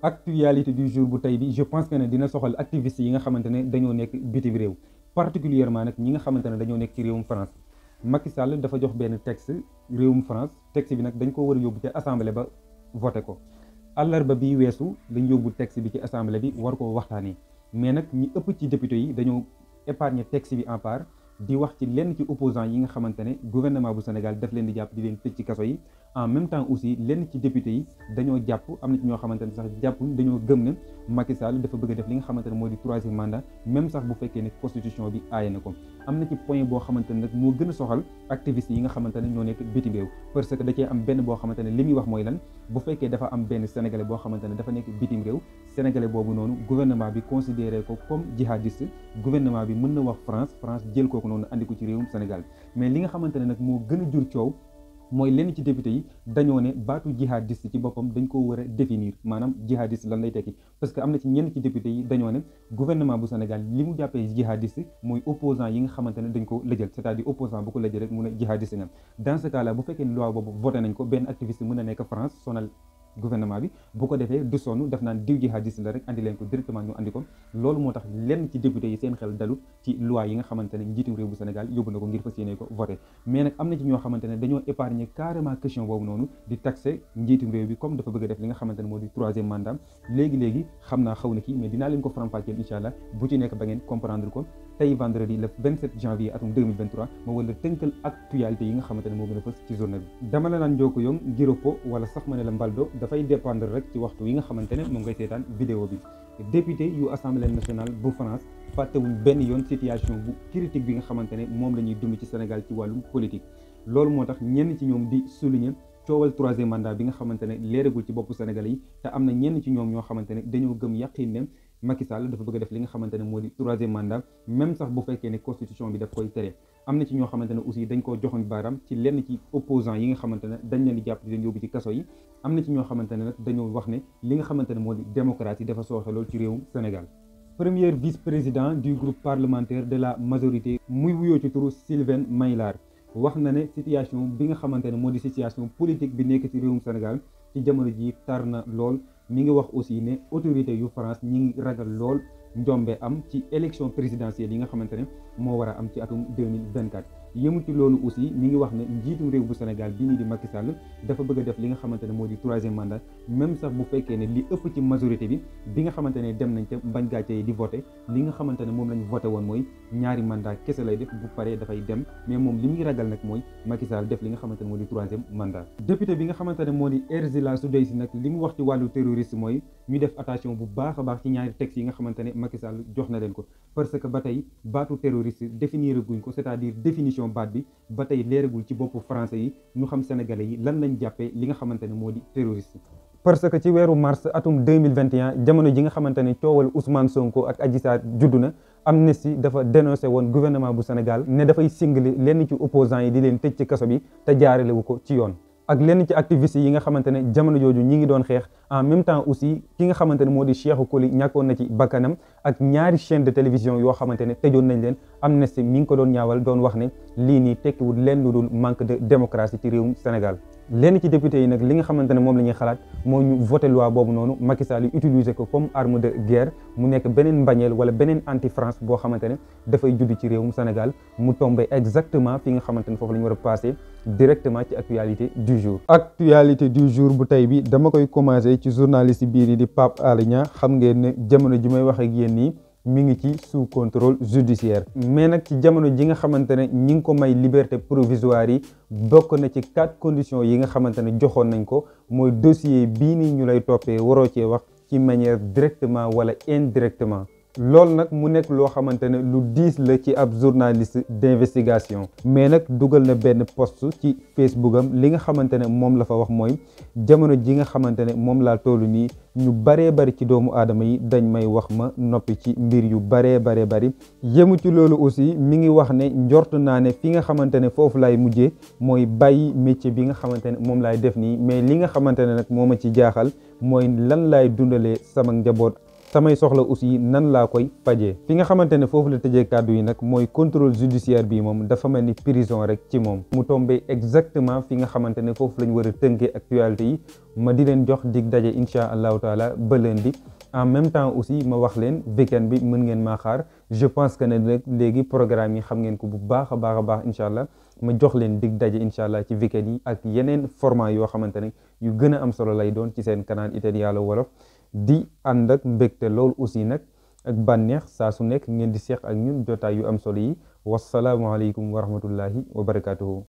actualité du jour bu tey bi je pense que ne dina soxal activistes yi nga xamante dañoo nekk bitim réew particulièrement nag ñi nga xamante ne dañoo nekk ci réewum France Macky Sall dafa jox benn texte réewum France tex bi nag dañ ko war a yóbbu ci assemblée ba voté ko àllarba bi weesu dañ yóbbu texte bi ci assemblée bi war koo waxtaanee mais nag ñi ëpp ci député yi dañoo épargne texte bi en part di wax ci lenn ci opposant yi nga xamante ne gouvernement bu Sénégal daf leen di jàpp di leen tëj ci kaso yi en même temps aussi lenn ci député yi dañoo jàpp am na ci ñoo xamante ne sax jàppuñ dañoo gëm ne Macky Sall dafa bëgg a def li nga xamante ne moo di troisième mandat même sax bu fekkee ne constitution bi aaye na ko am na ci point boo xamante ne nag moo gën a soxal activiste yi nga xamante ne ñoo nekk réew parce que da cee am benn boo xamante ne li muy wax mooy lan bu fekkee dafa am benn sénégalais boo xamante ne dafa nekk bitim réew sénégalais boobu noonu gouvernement bi considéré ko comme jihadiste gouvernement bi mën na wax France France jël kooku noonu andi ko ci réewum Sénégal mais li nga xamante ne nag moo gën a jur coow mooy lenn ci député yi dañoo ne baatu jihadiste ci boppam dañ ko war a définir maanaam jihadiste lan lay tekki parce que am na ci ñenn ci député yi dañoo ne gouvernement bu Sénégal li mu jàppee jihadiste mooy opposant yi nga xamante ne dañ ko lëjal c'est-à-dire bu ko lëjal rek mun a jihadiste nga dans ce cas là bu fekkee loi boobu voté nañ ko benn activiste mën a nekk France sonal gouvernement bi bu ko defee du sonn def naan diw jihadiste la rek andi leen ko directement ñu andi ko loolu moo tax lenn ci député yi seen xel dalut ci loi yi nga xamante njiitum réew bi comme dafa bëgg a def li nga xamante moo di troisième mandat léegi-léegi xam naa xaw na kii mais dinaa leen ko faram-fàcceel incha allah bu ci nekk ba ngeen comprendre ko tey vendredi le 27 janvier atum 2023 ma wala tënkal actualité yi a fës ci journée bi dama la naan njooku yong dafay dépendre rek ci waxtu wi nga xamante ne moom ngay seetaan vidéo bi député yu assemblée nationale bu France fàttewuñ benn yoon situation bu critique bi nga xamante ne moom la ñuy dund ci Sénégal ci wàllum politique loolu moo tax ñenn ci ñoom di souligner coowal troisième mandat bi nga xamante ne leeragul ci boppu sénégal yi te am na ñenn ci ñoom ñoo xamante ne dañoo gëm yàqin ne Macky Sall dafa bëgg def li nga xamante ne moo di troisième mandat même sax bu fekkee ne constitution bi daf koy tere am na ci ñoo xamante ne aussi dañ koo joxoñ baaraam ci lenn ci opposant yi nga xamante ne dañ leen di jàpp di leen yóbbu ci kaso yi am na ci ñoo xamante ne nag dañoo wax ne li nga xamante ne moo di démocratie dafa sooxe lool ci réewum Sénégal premier vice-président du groupe parlementaire de la majorité muy wuyoo ci turu Sylvain Maylard wax na ne situation bi nga xamante ne moo di situation politique bi nekk ci réewum Sénégal ci jamono ji tar na lool mi ngi wax aussi ne autorité yu France ñi ragal lool njombe am ci élection présidentielle yi nga xamante ne moo war a am ci atum 2024 yëmu ci loolu aussi mu ngi wax ne njiitu réew bu Sénégal bi nii di Macky Sall dafa bëgg def li nga xamante ne moo di troisième mandat même sax bu fekkee ne li ëpp ci majorité bi bi nga xamante ne dem nañ ca mbañ gàcce di voté li nga xamante ne moom lañ voté woon mooy ñaari mandat kese lay def bu paree dafay dem mais moom li muy ragal nag mooy Macky def li nga xamante ne moo di troisième mandat député bi nga xamante ne moo di Erzila Soudeysi nag li mu wax ci wàllu terroriste mooy ñu def attention bu a baax ci ñaari texte yi nga xamante ne Macky Sall jox na leen ko parce que ba tey baatu terroriste définir guñ ko c'est-à-dire définition définition bi ba tey leeragul ci boppu français yi ñu xam sénégalais yi lan lañu jàppee li nga xamante ne moo di terroriste. parce que ci weeru mars atum 2021 jamono ji nga xamante ne coowal Ousmane Sonko ak Adji Sarr juddu na Amnesty dafa dénoncé woon gouvernement bu Sénégal ne dafay singale lenn ci opposants yi di leen tëj ci kaso bi te jaaralewu ko ci yoon. ak lenn ci activistes yi nga xamantene jamono joju ñi ngi doon xex en même temps aussi ki nga xamantene modi cheikh di Cheikhou Koli ñàkkoon na ci bakanam ak ñaari chaîne de télévision yo xamantene ne tëjoon nañ leen Amnesty mi ngi ko doon ñaawal doon wax ne li ni tekki tekkiwul lenn lu dul manque de démocratie ci réewum Sénégal lenn ci député yi nag li nga xamante ne moom la ñuy xalaat moo ñu voté loi boobu noonu Macky Sall utiliser ko comme arme de guerre mu nekk beneen mbañeel wala beneen anti France boo xamante ne dafay judd ci réewum Sénégal mu tombé exactement fi nga xamante ne foofu la ñu war a passé directement ci actualité du jour. actualité du jour bu tey bi dama koy commencé ci journaliste biir yi di Pape Alé xam ngeen ne jamono ji may wax ak yéen nii. mi ngi ci sous contrôle judiciaire mais nag ci jamono ji nga xamante ne ñi ngi ko may liberté provisoire yi bokk na ci quatre conditions yi nga xamante ne joxoon nañ ko mooy dossier bii nii ñu lay toppee waroo cee wax ci manière directement wala indirectement loolu nag mu nekk loo xamante ne lu diis la ci ab journaliste d'investigation mais nag dugal na benn post ci Facebook am li nga xamante ne moom la fa wax mooy jamono ji nga xamante ne moom laa toll nii ñu baree bari ci doomu aadama yi dañ may wax ma noppi ci mbir yu baree baree bari yemu ci loolu aussi mi ngi wax ne njort naa ne fi nga xamante ne foofu laay mujjee mooy bàyyi métier bi nga xamante ne moom laay def nii mais li nga xamante ne nag moo ma ci jaaxal mooy lan laay dundalee sama njaboot samay soxla aussi nan laa koy pajee fi nga xamante ne foofu la tëjee kàddu yi nag mooy contrôle judiciaire bi moom dafa mel ni prison rek ci moom mu tombé exactement fi nga xamante ne foofu lañ war a tënkee actualité yi ma di leen jox dig daje incha allahu taala ba leen lundi en même temps aussi ma wax leen weekend bi mën ngeen maa xaar je pense que ne nag léegi programme yi xam ngeen ko bu baax a baax a baax incha allah ma jox leen dig daje incha allah ci weekend yi ak yeneen format yoo xamante ne yu gën a am solo lay doon ci seen canal Italie Wolof di ànd ak mbégte loolu aussi nag ak bànneex saa su nekk ngeen di seex ak ñun jotaay yu am solo yi wasalaamualeykum wa rahmatullahi wa barakaatuhu.